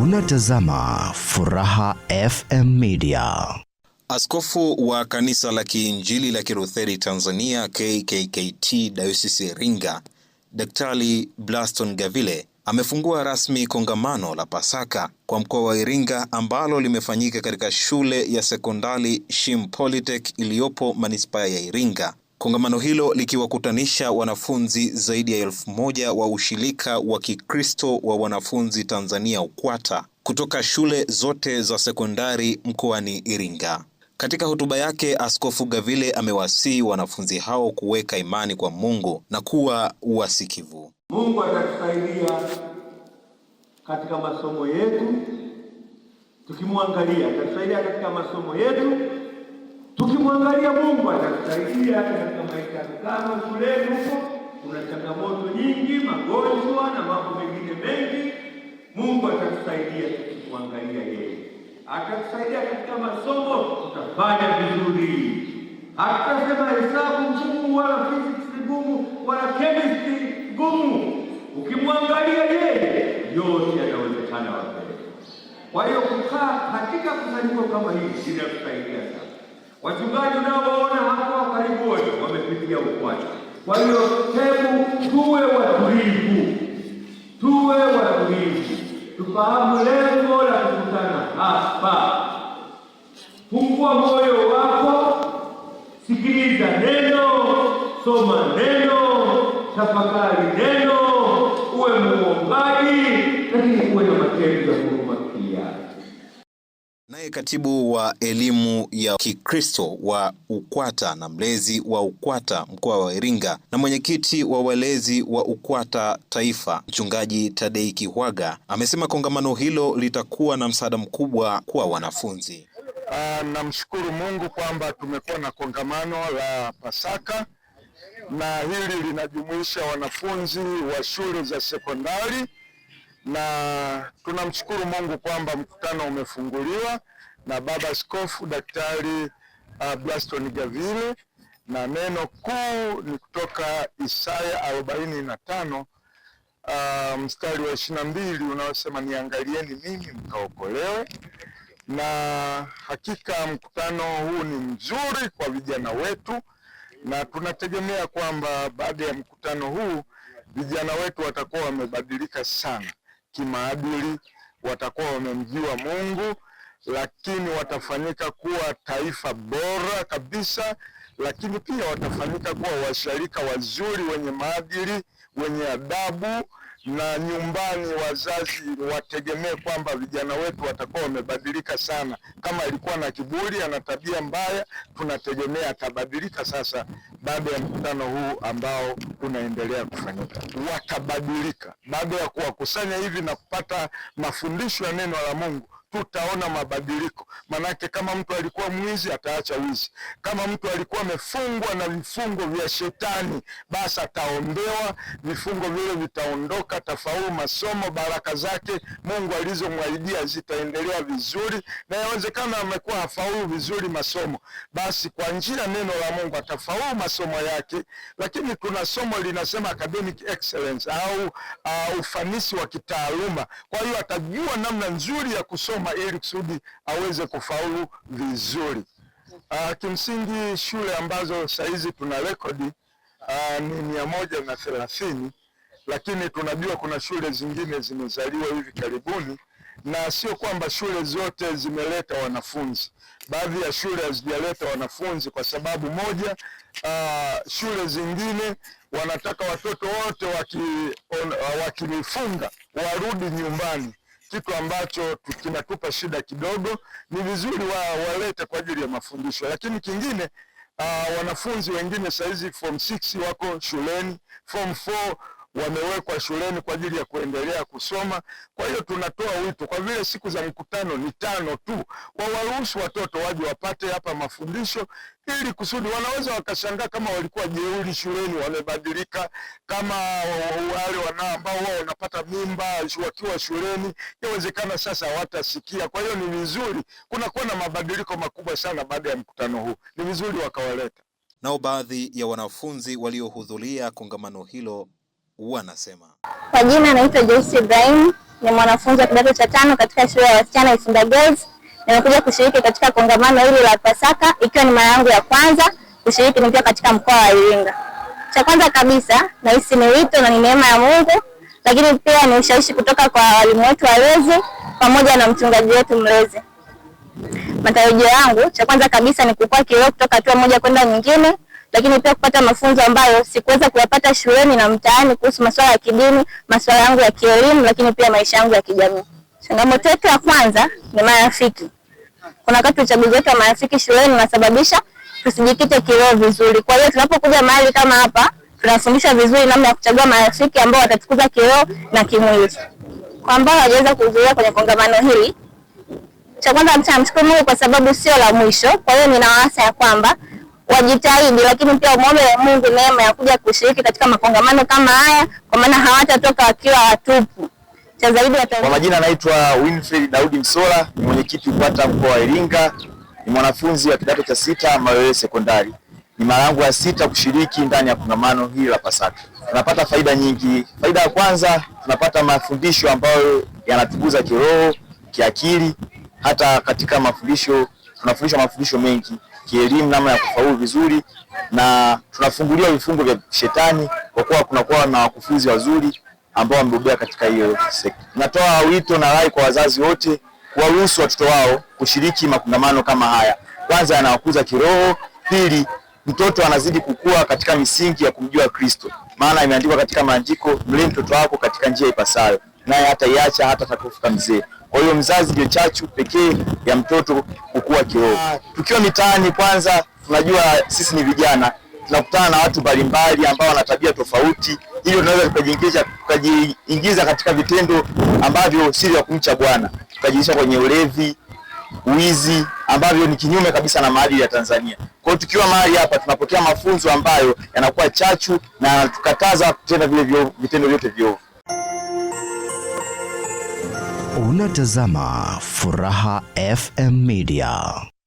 Unatazama Furaha FM Media. Askofu wa kanisa la Kiinjili la kirutheri Tanzania KKKT Dayosisi Iringa, Daktari Blaston Gavile amefungua rasmi kongamano la Pasaka kwa mkoa wa Iringa ambalo limefanyika katika shule ya sekondari Shim iliyopo manispaa ya Iringa Kongamano hilo likiwakutanisha wanafunzi zaidi ya elfu moja wa ushirika wa Kikristo wa wanafunzi Tanzania UKWATA kutoka shule zote za sekondari mkoani Iringa. Katika hotuba yake, Askofu Gavile amewasihi wanafunzi hao kuweka imani kwa Mungu na kuwa wasikivu. Mungu atatusaidia katika masomo yetu, tukimwangalia atatusaidia katika masomo yetu Tukimwangalia Mungu atakusaidia katika maisha ya kama shuleni huko, kuna changamoto nyingi, magonjwa na mambo mengine mengi. Mungu atakusaidia tukimwangalia yeye, atakusaidia katika masomo, utafanya vizuri. Hatasema hesabu ngumu wala physics ngumu wala chemistry ngumu. Ukimwangalia yeye, yote yanawezekana. Wapele, kwa hiyo kukaa katika kusanyiko kama hili inakusaidia sana. Wachungaji unaowaona hapo karibu wote wamepitia ukuaji. Kwa hiyo hebu tuwe watulivu, tuwe watulivu, tufahamu lengo la kukutana hapa. Fungua moyo wako, sikiliza neno, soma neno, tafakari neno, uwe muombaji, lakini uwe na matendo ya huruma. Naye katibu wa elimu ya Kikristo wa UKWATA na mlezi wa UKWATA mkoa wa Iringa na mwenyekiti wa walezi wa UKWATA taifa Mchungaji Tadei Kihwaga amesema kongamano hilo litakuwa na msaada mkubwa kwa wanafunzi. Uh, namshukuru Mungu kwamba tumekuwa na kongamano la Pasaka na hili linajumuisha wanafunzi wa shule za sekondari na tunamshukuru Mungu kwamba mkutano umefunguliwa na Baba Askofu Daktari uh, Blaston Gavile, na neno kuu ni kutoka Isaya arobaini na tano uh, mstari wa ishirini na mbili unaosema niangalieni mimi mkaokolewe. Na hakika mkutano huu ni mzuri kwa vijana wetu, na tunategemea kwamba baada ya mkutano huu vijana wetu watakuwa wamebadilika sana kimaadili, watakuwa wamemjua Mungu, lakini watafanyika kuwa taifa bora kabisa, lakini pia watafanyika kuwa washirika wazuri wenye maadili wenye adabu na nyumbani. Wazazi wategemee kwamba vijana wetu watakuwa wamebadilika sana. Kama alikuwa na kiburi, ana tabia mbaya, tunategemea atabadilika sasa. Baada ya mkutano huu ambao unaendelea kufanyika, watabadilika baada ya kuwakusanya hivi na kupata mafundisho ya neno la Mungu tutaona mabadiliko. Manake kama mtu alikuwa mwizi ataacha wizi, kama mtu alikuwa amefungwa na vifungo vya shetani, basi ataombewa, vifungo vile vitaondoka, tafaulu masomo, baraka zake Mungu alizomwahidia zitaendelea vizuri, na inawezekana amekuwa hafaulu vizuri masomo, basi kwa njia neno la Mungu atafaulu masomo yake. Lakini kuna somo linasema academic excellence au uh, ufanisi wa kitaaluma. Kwa hiyo atajua namna nzuri ya kusoma kusoma ili kusudi aweze kufaulu vizuri. Uh, kimsingi shule ambazo saizi tuna rekodi uh, ah, ni mia moja na thelathini, lakini tunajua kuna shule zingine zimezaliwa hivi karibuni, na sio kwamba shule zote zimeleta wanafunzi. Baadhi ya shule hazijaleta wanafunzi kwa sababu moja, uh, shule zingine wanataka watoto wote wakilifunga waki warudi nyumbani kitu ambacho kinatupa shida kidogo, ni vizuri wa, walete kwa ajili ya mafundisho. Lakini kingine uh, wanafunzi wengine saizi form 6 wako shuleni, form 4 wamewekwa shuleni kwa ajili ya kuendelea kusoma. Kwa hiyo tunatoa wito, kwa vile siku za mkutano ni tano tu, wawaruhusu watoto waje wapate hapa mafundisho, ili kusudi wanaweza wakashangaa kama walikuwa jeuri shuleni wamebadilika, kama wale wana ambao wao wanapata mimba wakiwa shuleni, yawezekana sasa watasikia. Kwa hiyo ni vizuri, kunakuwa na mabadiliko makubwa sana baada ya mkutano huu, ni vizuri wakawaleta nao. Baadhi ya wanafunzi waliohudhuria kongamano hilo huwa anasema. Kwa jina anaitwa Joyce Ibrahim, ni mwanafunzi wa kidato cha tano katika shule ya wasichana Isimba Girls. Nimekuja kushiriki katika kongamano hili la Pasaka, ikiwa ni mara yangu ya kwanza kushiriki nikiwa katika mkoa wa Iringa. Cha kwanza kabisa, nahisi ni wito na ni neema ya Mungu, lakini pia ni ushawishi kutoka kwa walimu wetu walezi pamoja na mchungaji wetu mlezi. Matarajio yangu, cha kwanza kabisa, ni kukua kiroho kutoka hatua moja kwenda nyingine lakini pia kupata mafunzo ambayo sikuweza kuyapata shuleni na mtaani kuhusu masuala ya kidini, masuala yangu ya kielimu, lakini pia maisha yangu ya kijamii. Changamoto yetu ya kwanza ni marafiki. Kuna wakati uchaguzi wetu wa marafiki shuleni unasababisha tusijikite kiroho vizuri. Kwa hiyo tunapokuja mahali kama hapa, tunafundishwa vizuri namna ya kuchagua marafiki ambao watatukuza kiroho na kimwili. Kwa ambao hawajaweza kuhudhuria kwenye kongamano hili, cha kwanza mtamshukuru Mungu kwa sababu sio la mwisho. Kwa hiyo ninawaasa ya kwamba wajitahidi, lakini pia wa Mungu neema ya kuja kushiriki katika makongamano kama haya, kwa maana hawatatoka wakiwa watupu. Cha zaidi kwa majina, anaitwa Winfred Daudi Msola, ni mwenyekiti UPATA mkoa wa Iringa, ni mwanafunzi wa kidato cha sita Mayowe Sekondari. Ni mara yangu ya sita kushiriki ndani ya kongamano hili la Pasaka. Tunapata faida nyingi. Faida ya kwanza, tunapata mafundisho ambayo yanatukuza kiroho, kiakili, hata katika mafundisho tunafundishwa mafundisho mengi kielimu, namna ya kufaulu vizuri, na tunafunguliwa vifungo vya shetani kwa kuwa kunakuwa na wakufunzi wazuri ambao wamebobea katika hiyo sekta. Natoa wito na rai kwa wazazi wote kuwaruhusu watoto wao kushiriki makongamano kama haya. Kwanza, yanawakuza kiroho; pili, mtoto anazidi kukua katika misingi ya kumjua Kristo, maana imeandikwa katika maandiko, mlee mtoto wako katika njia ipasayo, naye hataiacha hata atakapofika mzee. Kwa hiyo mzazi ndio chachu pekee ya mtoto kukua kiroho. Ah. Tukiwa mitaani kwanza, tunajua sisi ni vijana, tunakutana na watu mbalimbali ambao wana tabia tofauti, hivyo tunaweza tukajiingiza tukajiingiza katika vitendo ambavyo si vya kumcha Bwana, tukajiisha kwenye ulevi, wizi, ambavyo ni kinyume kabisa na maadili ya Tanzania. Kwa hiyo tukiwa mahali hapa tunapokea mafunzo ambayo yanakuwa chachu na tukataza kutenda vile vitendo vyote viovu. Unatazama Furaha FM Media.